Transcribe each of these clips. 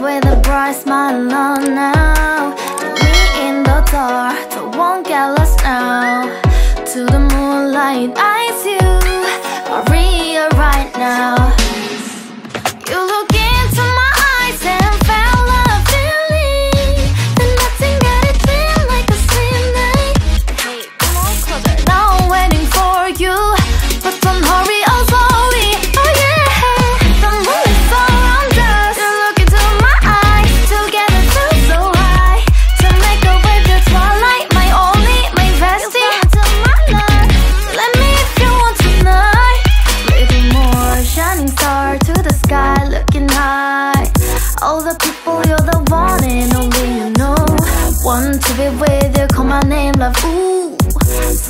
with a bright smile on now Me in the dark, I won't get lost now To the moonlight, I see you Are real right now Ooh,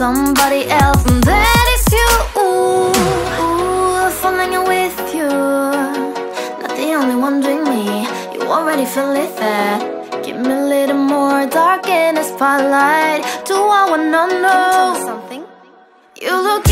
somebody else, and that is you. Ooh, falling with you. Not the only one doing me. You already feel it there. Give me a little more dark in the spotlight. Do I wanna know something? You look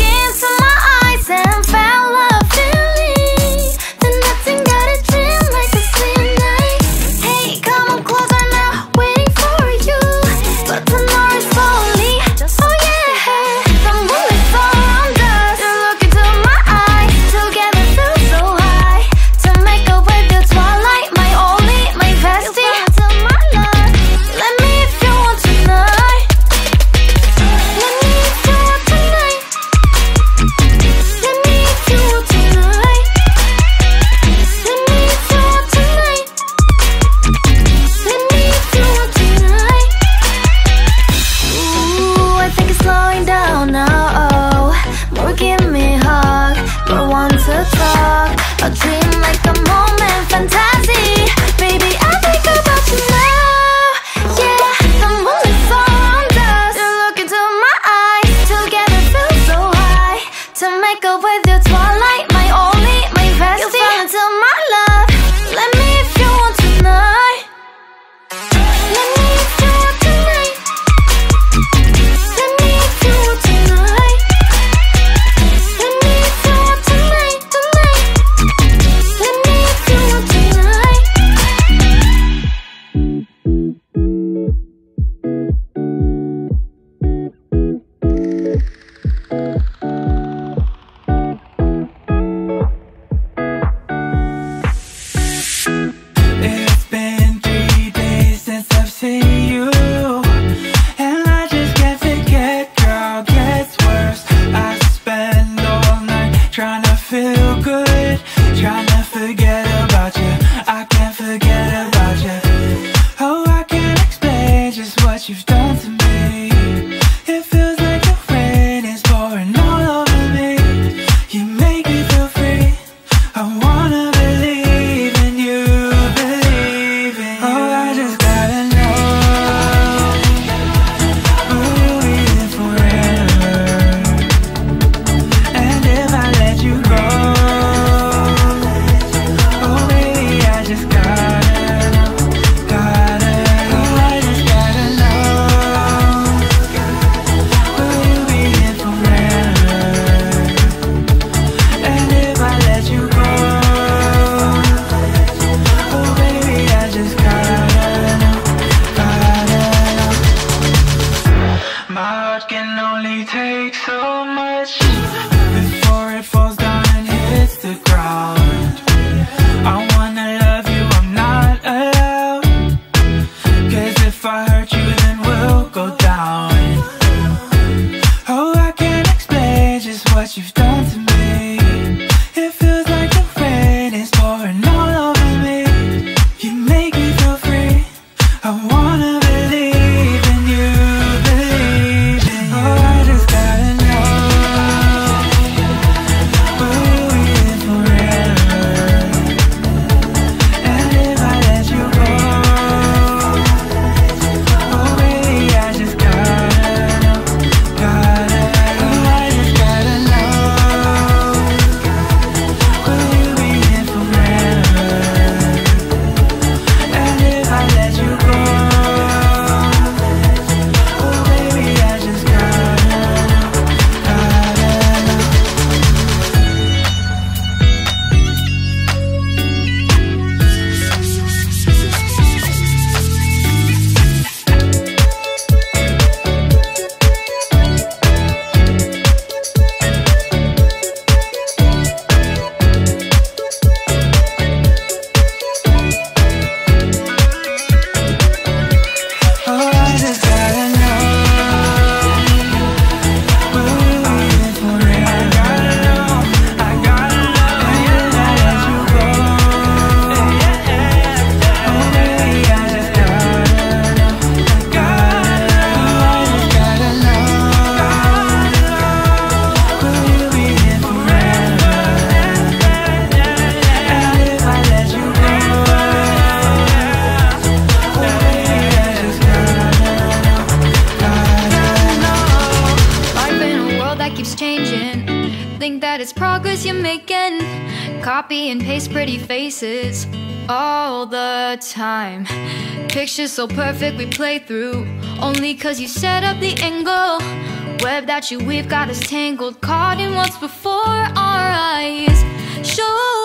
to talk, a dream it's progress you're making. Copy and paste pretty faces all the time. Pictures so perfect we play through. Only cause you set up the angle. Web that you weave got us tangled, caught in what's before our eyes. Show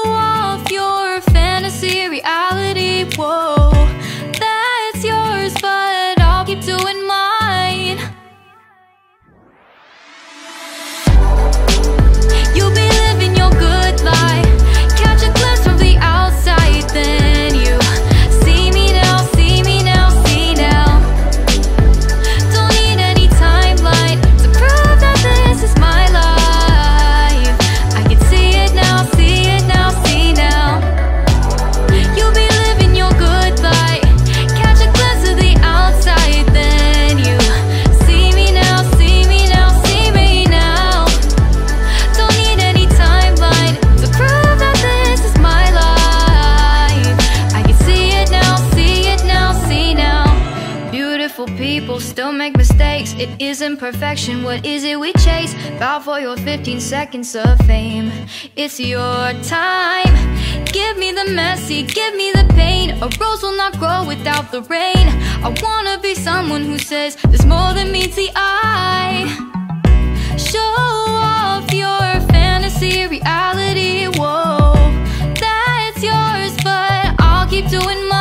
Successful people still make mistakes It isn't perfection, what is it we chase? Bow for your 15 seconds of fame It's your time Give me the messy, give me the pain A rose will not grow without the rain I wanna be someone who says There's more than meets the eye Show off your fantasy reality, whoa That's yours, but I'll keep doing